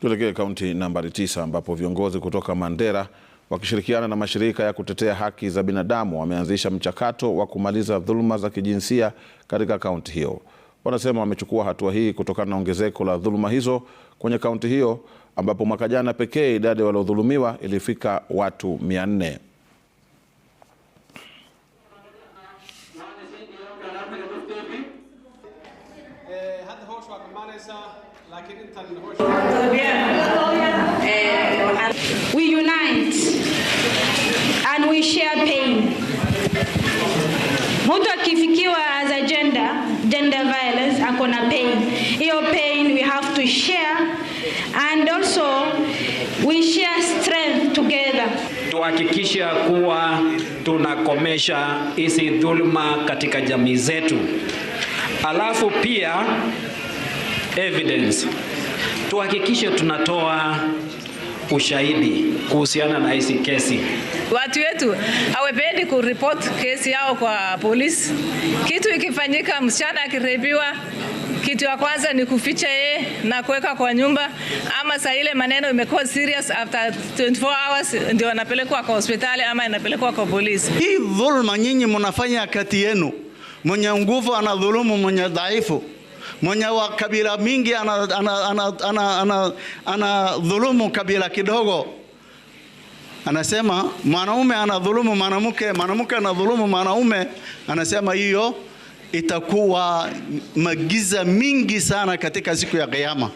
Tuelekee kaunti nambari tisa ambapo viongozi kutoka Mandera wakishirikiana na mashirika ya kutetea haki za binadamu wameanzisha mchakato wa kumaliza dhuluma za kijinsia katika kaunti hiyo. Wanasema wamechukua hatua hii kutokana na ongezeko la dhuluma hizo kwenye kaunti hiyo ambapo mwaka jana pekee idadi waliodhulumiwa ilifika watu 400. We unite and we share pain. Mtu akifikiwa as a gender, gender violence ako na pain. Hiyo pain we have to share and also we share strength together. Tuhakikisha kuwa tunakomesha hizi dhuluma katika jamii zetu. Alafu pia evidence, tuhakikishe tunatoa ushahidi kuhusiana na hizi kesi. Watu wetu hawapendi kuripoti kesi yao kwa polisi. Kitu ikifanyika, msichana akirebiwa, kitu ya kwanza ni kuficha ye na kuweka kwa nyumba, ama saa ile maneno imekuwa serious, after 24 hours ndio anapelekwa kwa hospitali ama inapelekwa kwa polisi. Hii dhulma nyinyi mnafanya kati yenu, mwenye nguvu anadhulumu mwenye dhaifu mwenye wa kabila mingi ana, ana, ana, ana, ana, ana dhulumu kabila kidogo. Anasema mwanaume ana dhulumu mwanamke, mwanamke ana dhulumu mwanaume, anasema hiyo itakuwa magiza mingi sana katika siku ya Kiyama.